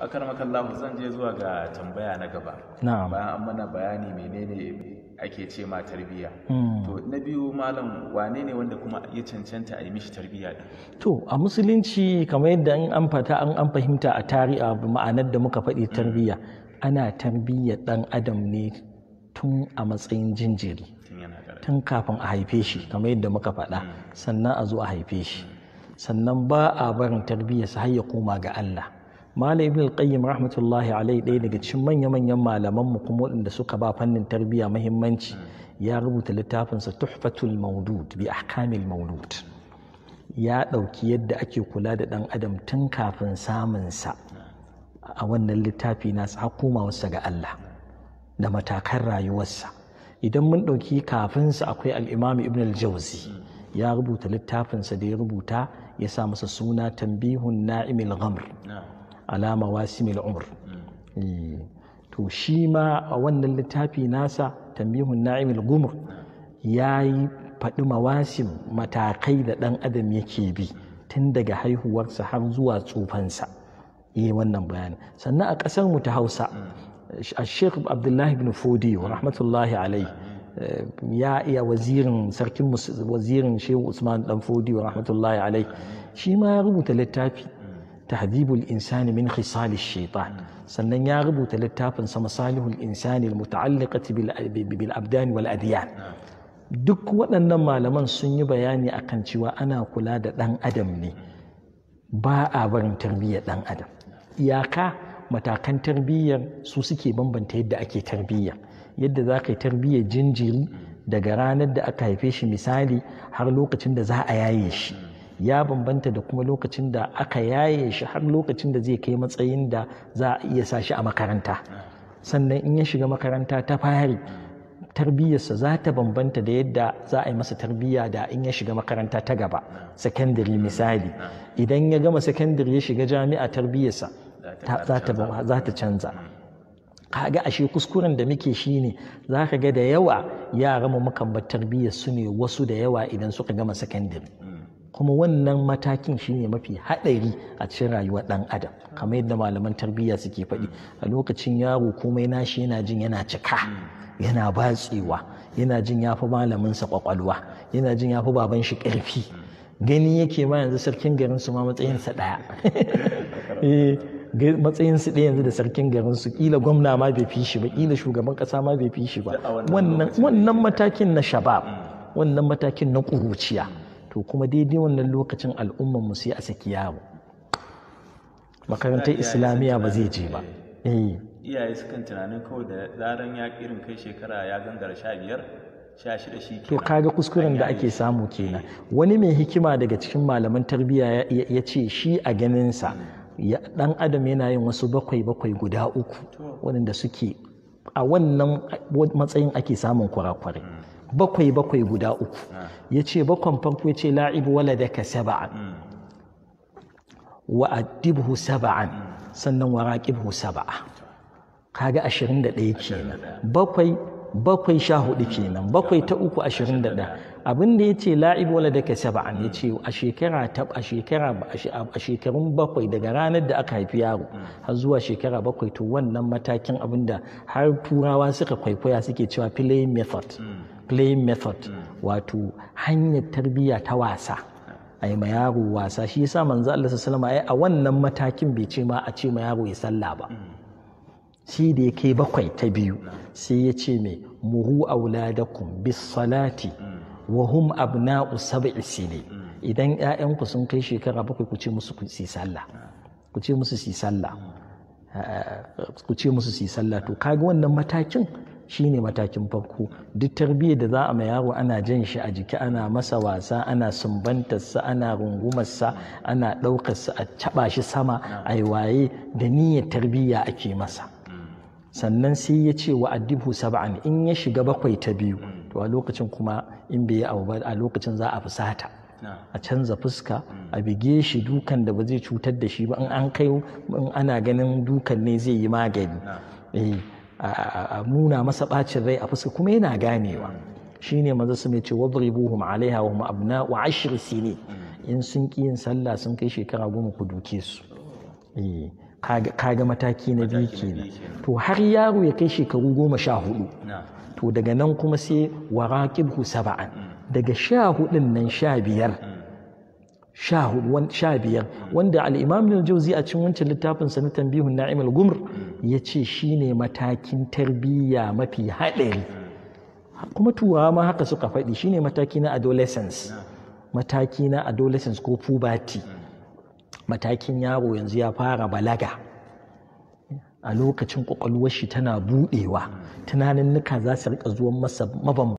akaramakallahu zan je zuwa ga tambaya na gaba bayan an mana bayani menene ake ce ma tarbiyya hmm. to na biyu malam wane ne wanda kuma ya cancanta a yi mishi tarbiyya din to a musulunci kamar yadda an an an fahimta a a ma'anar da muka faɗi hmm. tarbiyya ana tarbiyya ɗan adam ne tun a matsayin jinjiri tun kafin a haife shi hmm. kamar yadda muka faɗa sannan a zo a haife shi sannan ba a barin tarbiyya su har ya koma ga Allah malam ibn al-qayyim rahmatullahi alaihi ɗaya daga cikin manya-manyan malaman mu kuma waɗanda suka ba fannin tarbiyya muhimmanci ya rubuta littafinsa tuhfatul Mawdud bi ahkamil maulud ya ɗauki yadda ake kula da ɗan adam tun kafin samun sa a wannan littafi nasa har wasa ga Allah da matakan rayuwarsa idan mun ɗauki sa akwai Al-Imam ibn al jawzi ya rubuta littafinsa da ya rubuta ya sa masa suna tambihun na'imil ghamr alama wasimil umr eh, to shi ma a wannan littafi nasa tambihun na'imil gumur ya yi faɗi mawasim matakai da ɗan adam yake bi tun daga haihuwarsa har zuwa tsufansa yi eh, wannan bayani sannan a ƙasar mu ta hausa a sheikh abdullahi bin fodi rahmatullahi alai eh, ya iya wazirin sarkin wazirin shehu usman dan fodi rahmatullahi alai shi ma ya rubuta littafi tahdibul insani min khisal shaitan sannan ya rubuta littafin sa masalihul insani almuta'alliqati bil abdani wal adiyan duk waɗannan malaman sun yi bayani akan cewa ana kula da ɗan adam ne ba a barin tarbiyyar ɗan adam iyaka matakan tarbiyyar su suke bambanta yadda ake tarbiyyar yadda za ka yi tarbiyyar jinjiri daga ranar da aka haife shi misali har lokacin da za a yaye shi ya bambanta da kuma lokacin da aka yaye shi har lokacin da zai kai matsayin da za a iya sa shi a makaranta sannan in ya shiga makaranta ta fari tarbiyyarsa za ta bambanta da yadda za a yi masa tarbiyya da in ya shiga makaranta ta gaba secondary misali idan ya gama secondary ya shiga jami'a tarbiyyarsa za ta canza kaga ashe kuskuren da muke shi ne za ka ga da yawa yara mu mukan bar tarbiyyar su ne wasu da yawa idan suka gama secondary kuma wannan matakin shine mafi haɗari a cikin rayuwar ɗan adam kamar yadda malaman tarbiyya suke faɗi a lokacin yaro komai nashi yana jin yana cika yana batsewa yana jin ya fi malaminsa kwakwalwa yana jin ya fi baban shi ƙarfi gani yake ma yanzu sarkin garin su ma matsayinsa ɗaya eh, matsayin su ɗaya yanzu da sarkin garin su kila gwamna ma bai fi shi ba kila shugaban ƙasa ma bai fi shi ba wannan matakin na shabab wannan matakin na ƙuruciya to kuma daidai wannan lokacin al'ummar mu sai a saki yaro makarantar islamiyya ba zai je ba eh. iyaye sukan tunanin kawai da zaran ya irin kai shekara ya gangara sha biyar sha shida shi to kaga kuskuren da ake samu kenan wani mai hikima daga cikin malaman tarbiyya ya ce shi a ganinsa dan adam yana yin wasu bakwai bakwai guda uku waɗanda suke a wannan matsayin ake samun kwarakwarai mm. bakwai bakwai guda uku ah. ya ce bakwan farko ya ce la'ibu wala da ka saba'an hmm. wa adibu saba'an sannan wa raƙibu saba'a kaga ke kenan bakwai bakwai sha hudu kenan hmm. bakwai ta uku ashirin da ɗaya abin da ya ce la'ibu wala da saba'an ya ce a shekara ta a shekara a shekarun bakwai daga ranar da aka haifi yaro hmm. har zuwa shekara bakwai to wannan matakin abin da har turawa suka kwaikwaya suke cewa play method playing method hmm. wato hanyar tarbiyya ta wasa ai ma yaro wasa shi yasa manzo Allah sallallahu alaihi a wannan matakin bai ce ma a ce ma yaro ya sallah ba hmm. shi da ya kai bakwai ta biyu hmm. sai ya ce me muhu auladakum bis salati wa hum abna'u sab'i sinin idan ƴaƴanku sun kai shekara bakwai ku ce musu si sallah ku ce musu su sallah eh, eh, eh, ku ce musu su sallah to kaga wannan matakin Shi ne matakin farko duk tarbiyyar da za a ma yaro ana jan shi a jiki ana masa wasa ana sumbantarsa ana rungumarsa ana ɗaukarsa a taɓa shi sama a yi waye da niyyar tarbiyya ake masa sannan sai ya ce wa addibu sab'an in ya shiga bakwai ta biyu to a lokacin kuma in bai yi abu ba a lokacin za a fusata a canza fuska a bige shi dukan da ba zai cutar da shi ba in an kai ana ganin dukan ne zai yi magani eh, a nuna masa ɓacin rai a fuska kuma yana ganewa Shi ne manzo su mai ce wadribuhum alaiha wa hum abna wa sini in sun ki yin sallah sun kai shekara goma ku duke su eh, kaga mataki na biyu kenan to har yaro ya kai shekaru goma sha hudu to daga nan kuma sai waraqibhu saba'an mm. daga sha hudun nan sha biyar mm. sha biyar wanda al'imam al a cin wancan littafin sa na tambihun na'im al-gumr ya ce shi ne matakin tarbiyya mafi haɗari kuma turawa ma haka suka faɗi shi ne mataki na adolescence mataki na adolescence ko puberty matakin yaro yanzu ya fara balaga a lokacin ƙwaƙwalwar shi tana buɗewa tunanin nuka za su riƙa zuwan masa mabam